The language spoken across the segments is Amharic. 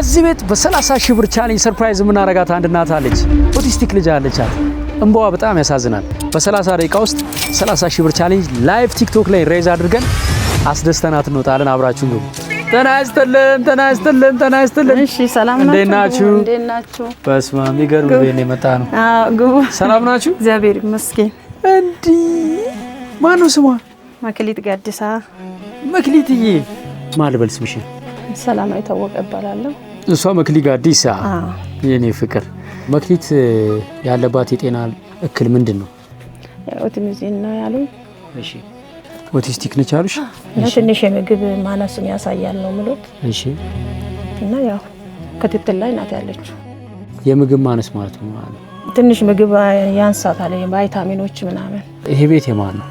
እዚህ ቤት በ30 ሺህ ብር ቻሌንጅ ሰርፕራይዝ የምናረጋት አንድ እናት አለች። ኦቲስቲክ ልጅ አለች አለ እንባዋ በጣም ያሳዝናል። በ30 ደቂቃ ውስጥ 30 ሺህ ብር ቻሌንጅ ላይቭ ቲክቶክ ላይ ሬዝ አድርገን አስደስተናት እንወጣለን። አብራችሁን ግቡ። ጤና ይስጥልን፣ ጤና ይስጥልን፣ ጤና ይስጥልን። እሺ፣ ሰላም ናችሁ? እንዴት ናችሁ? እንዴት ናችሁ? በስመ አብ ይገርም። ቤት የመጣ ነው። አዎ፣ ግቡ። ሰላም ናችሁ? እግዚአብሔር ይመስገን። እንዲህ ማነው ስሟ? መክሊት ጋዲሳ። መክሊትዬ፣ ማልበል ስምሽን? ሰላማዊ ታወቀ እባላለሁ። እሷ መክሊት አዲስ የኔ ፍቅር መክሊት ያለባት የጤና እክል ምንድን ነው? ኦቲሚዝም ነው ያሉኝ። እሺ ኦቲስቲክ ነች አሉሽ? ትንሽ የምግብ ማነስን ያሳያል ነው ምሎት። እሺ እና ያው ክትትል ላይ ናት ያለችው። የምግብ ማነስ ማለት ነው ማለት ትንሽ ምግብ ያንሳታል፣ ቫይታሚኖች ምናምን። ይሄ ቤት የማን ነው?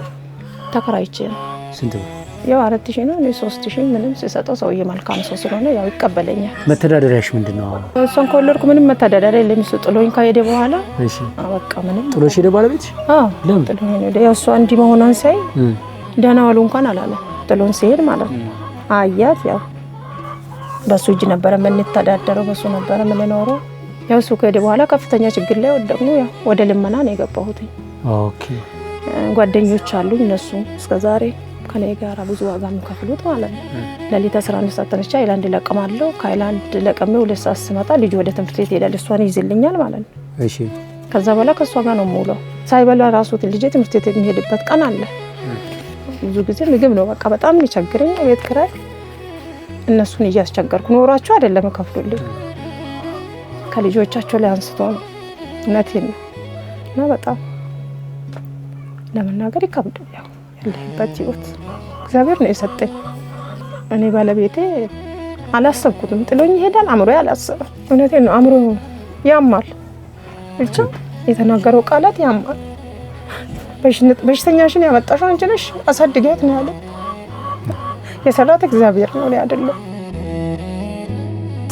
ተከራይቼ ነው። ስንት ነው? ያው አራት ሺህ ነው። እኔ ሶስት ሺህ ምንም ሲሰጠው ሰውዬ መልካም ሰው ስለሆነ ያው ይቀበለኛል። መተዳደሪያሽ ምንድን ነው? እሷን ከወለድኩ ምንም መተዳደሪያ የለም። እሱ ጥሎኝ ከሄደ በኋላ በቃ ምንም ጥሎሽ ሄደ። ባለቤት ያው እሷ እንዲህ መሆኗን ሳይ ደህና ዋሉ እንኳን አላለም። ጥሎን ሲሄድ ማለት ነው አያት። ያው በሱ እጅ ነበረ የምንተዳደረው፣ በሱ ነበረ የምንኖረው። ያው እሱ ከሄደ በኋላ ከፍተኛ ችግር ላይ ወደቅን። ወደ ልመና ነው የገባሁት። ጓደኞች አሉኝ እነሱ እስከዛሬ ከኔ ጋር ብዙ ዋጋ የሚከፍሉት ማለት ነው። ለሊት አስራ አንድ ሰዓት ተነስቼ ሀይላንድ ለቀማለሁ። ከሀይላንድ ለቀሜ ሁለት ሰዓት ስመጣ ወደ ትምህርት ቤት ሄዳል። እሷን ይዝልኛል ማለት ነው። ከዛ በኋላ ከእሷ ጋር ነው የምውለው። ሳይበላ ራሱ ልጅ ትምህርት ቤት የሚሄድበት ቀን አለ። ብዙ ጊዜ ምግብ ነው በቃ በጣም የሚቸግረኝ። ቤት ክራይ። እነሱን እያስቸገርኩ ኖሯቸው አይደለም ከፍሉልኝ ከልጆቻቸው ላይ አንስቶ ነው። እውነቴን ነው እና በጣም ለመናገር ይከብዳል። ያለሁበት ህይወት እግዚአብሔር ነው የሰጠኝ። እኔ ባለቤቴ አላሰብኩትም፣ ጥሎኝ ይሄዳል አእምሮ አላሰበ። እውነቴ ነው አእምሮ ያማል፣ ብቻ የተናገረው ቃላት ያማል። በሽተኛሽን ያመጣሽው አንቺ ነሽ፣ አሳድጊያት ነው ያለ። የሰራት እግዚአብሔር ነው እኔ አይደለም።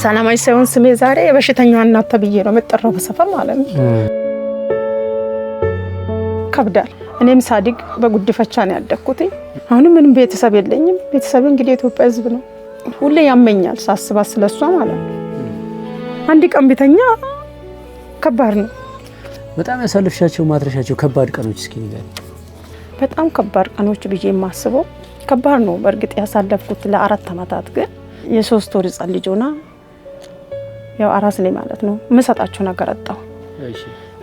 ሰላማዊ ሳይሆን ስሜ ዛሬ የበሽተኛ እናት ተብዬ ነው የምጠራው በሰፈር ማለት ነው። ከብዳል እኔም ሳድግ በጉድፈቻ ነው ያደግኩት። አሁንም ምንም ቤተሰብ የለኝም። ቤተሰብ እንግዲህ የኢትዮጵያ ሕዝብ ነው። ሁሌ ያመኛል ሳስባት ስለሷ ማለት ነው። አንድ ቀን ቤተኛ ከባድ ነው። በጣም ያሳልፍሻቸው ማትረሻቸው ከባድ ቀኖች እስኪ ንገሪኝ። በጣም ከባድ ቀኖች ብዬ የማስበው ከባድ ነው በእርግጥ ያሳለፍኩት ለአራት ዓመታት ግን የሶስት ወር ህጻን ልጅ ሆና ያው አራስ ነኝ ማለት ነው። የምሰጣቸው ነገር አጣሁ።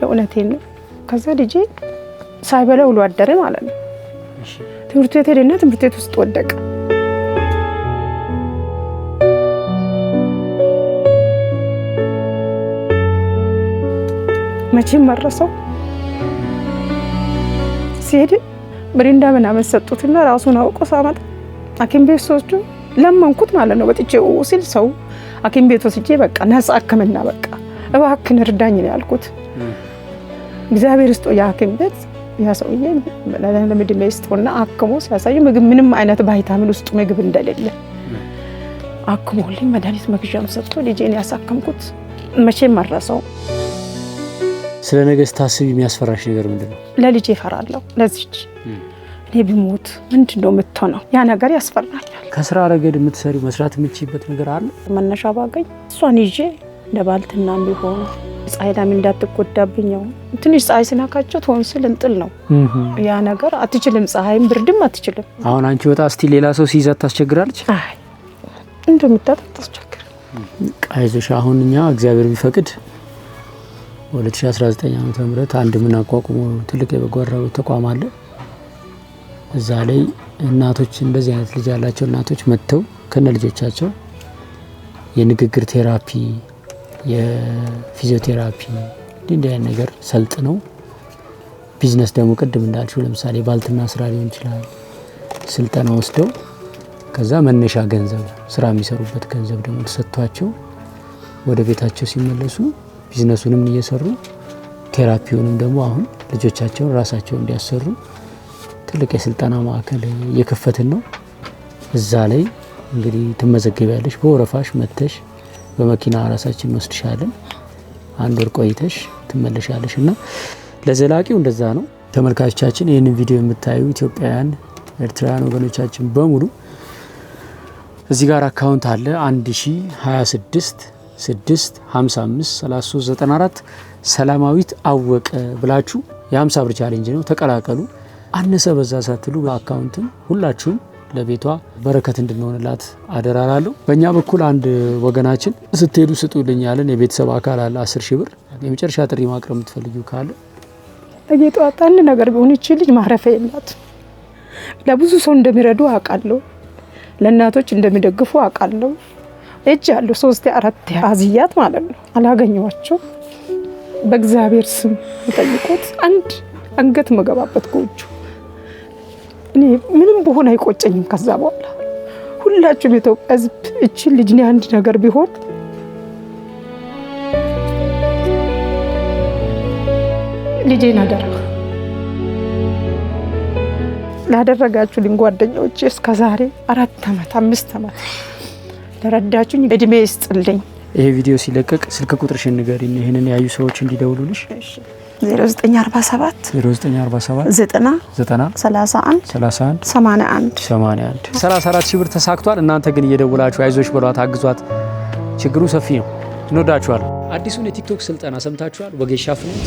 እውነቴን ነው። ከዛ ልጄ ሳይበላ ውሎ አደረ ማለት ነው። ትምህርት ቤት ሄደና ትምህርት ቤት ውስጥ ወደቀ። መቼም መረሰው ሲሄድ ብሪንዳ ምናምን ሰጡትና ራሱን አውቆ ሳመጣ ሐኪም ቤት ሰዎቹ ለመንኩት ማለት ነው። በጥቼ ሲል ሰው ሐኪም ቤት ወስጄ በቃ ነጻ ሕክምና በቃ እባክን እርዳኝ ነው ያልኩት። እግዚአብሔር ስጦ የሐኪም ቤት ያ ሰውዬ ለምድሜ ስጦና አክሞ ሲያሳይ ምግብ ምንም አይነት ቫይታሚን ውስጡ ምግብ እንደሌለ አክሞልኝ መድኃኒት መግዣም ሰጥቶ ልጄን ያሳከምኩት መቼም መረሰው ስለ ነገ ስታስብ የሚያስፈራሽ ነገር ምንድን ነው? ለልጄ እፈራለሁ። ለዚች እኔ ብሞት ምንድን ነው የምትሆነው? ያ ነገር ያስፈራል። ከስራ ረገድ የምትሰሪው መስራት የምችይበት ነገር አለ? መነሻ ባገኝ እሷን ይዤ እንደ ባልትና ቢሆን ፀሐይ ላይም እንዳትጎዳብኝ ያው ትንሽ ፀሐይ ስናካቸው ቶንስል እንጥል ነው ያ ነገር አትችልም። ፀሐይም ብርድም አትችልም። አሁን አንቺ ወጣ እስቲ ሌላ ሰው ሲይዛት ታስቸግራለች። አይ እንደምታጣ ታስቸግር። አይዞሽ አሁን እኛ እግዚአብሔር ቢፈቅድ 2019 ዓመተ ምህረት አንድ የምናቋቁመው ትልቅ የበጎ አድራጎት ተቋም አለ። እዛ ላይ እናቶች እንደዚህ አይነት ልጅ ያላቸው እናቶች መጥተው ከነ ልጆቻቸው የንግግር ቴራፒ የፊዚዮቴራፒ እንዲህ ነገር ሰልጥ ነው። ቢዝነስ ደግሞ ቅድም እንዳልችው ለምሳሌ ባልትና ስራ ሊሆን ይችላል ስልጠና ወስደው ከዛ መነሻ ገንዘብ ስራ የሚሰሩበት ገንዘብ ደግሞ ተሰጥቷቸው ወደ ቤታቸው ሲመለሱ ቢዝነሱንም እየሰሩ ቴራፒውንም ደግሞ አሁን ልጆቻቸውን ራሳቸው እንዲያሰሩ ትልቅ የስልጠና ማዕከል እየከፈትን ነው። እዛ ላይ እንግዲህ ትመዘገቢያለሽ በወረፋሽ መተሽ በመኪና ራሳችን እንወስድሻለን። አንድ ወር ቆይተሽ ትመለሻለሽ እና ለዘላቂው እንደዛ ነው። ተመልካቾቻችን ይህንን ቪዲዮ የምታዩ ኢትዮጵያውያን፣ ኤርትራውያን ወገኖቻችን በሙሉ እዚህ ጋር አካውንት አለ 1026 6 55 ሰላማዊት አወቀ ብላችሁ የ50 ብር ቻሌንጅ ነው ተቀላቀሉ። አነሰ በዛ ሳትሉ በአካውንትም ሁላችሁም ለቤቷ በረከት እንድንሆንላት አደራላለሁ። በእኛ በኩል አንድ ወገናችን ስትሄዱ ስጡልኝ ያለን የቤተሰብ አካል አለ። አስር ሺህ ብር የመጨረሻ ጥሪ ማቅረብ የምትፈልጊው ካለ እየጠዋጣ አንድ ነገር ቢሆን ይቺ ልጅ ማረፊያ የላት። ለብዙ ሰው እንደሚረዱ አውቃለሁ። ለእናቶች እንደሚደግፉ አውቃለሁ። እጅ አለሁ ሶስት አራት አዝያት ማለት ነው። አላገኘዋቸው በእግዚአብሔር ስም ጠይቁት። አንድ አንገት መገባበት ጎጆ እኔ ምንም ብሆን አይቆጨኝም። ከዛ በኋላ ሁላችሁም የኢትዮጵያ ሕዝብ እችን ልጅ እኔ አንድ ነገር ቢሆን ልጄን አደራ ላደረጋችሁልኝ ጓደኞች እስከ ዛሬ አራት ዓመት አምስት ዓመት ለረዳችሁኝ እድሜ ይስጥልኝ። ይሄ ቪዲዮ ሲለቀቅ ስልክ ቁጥርሽን ንገሪኝ፣ ይህንን ያዩ ሰዎች እንዲደውሉልሽ። 0947 34 ሺህ ብር ተሳክቷል። እናንተ ግን እየደውላችሁ አይዞች በሏት፣ አግዟት። ችግሩ ሰፊ ነው። እንወዳችኋል። አዲሱን የቲክቶክ ስልጠና ሰምታችኋል። ወጌሻ ፍኖት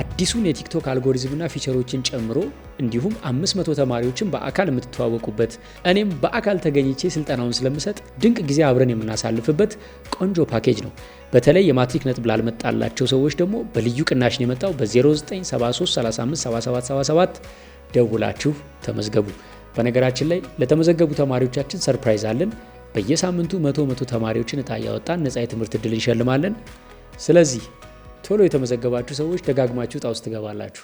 አዲሱን የቲክቶክ አልጎሪዝምና ፊቸሮችን ጨምሮ እንዲሁም 500 ተማሪዎችን በአካል የምትተዋወቁበት እኔም በአካል ተገኝቼ ስልጠናውን ስለምሰጥ ድንቅ ጊዜ አብረን የምናሳልፍበት ቆንጆ ፓኬጅ ነው። በተለይ የማትሪክ ነጥብ ላልመጣላቸው ሰዎች ደግሞ በልዩ ቅናሽ ነው የመጣው። በ0973357777 ደውላችሁ ተመዝገቡ። በነገራችን ላይ ለተመዘገቡ ተማሪዎቻችን ሰርፕራይዝ አለን። በየሳምንቱ መቶ መቶ ተማሪዎችን እጣ እያወጣን ነፃ የትምህርት እድል እንሸልማለን። ስለዚህ ቶሎ የተመዘገባችሁ ሰዎች ደጋግማችሁ እጣ ውስጥ ትገባላችሁ።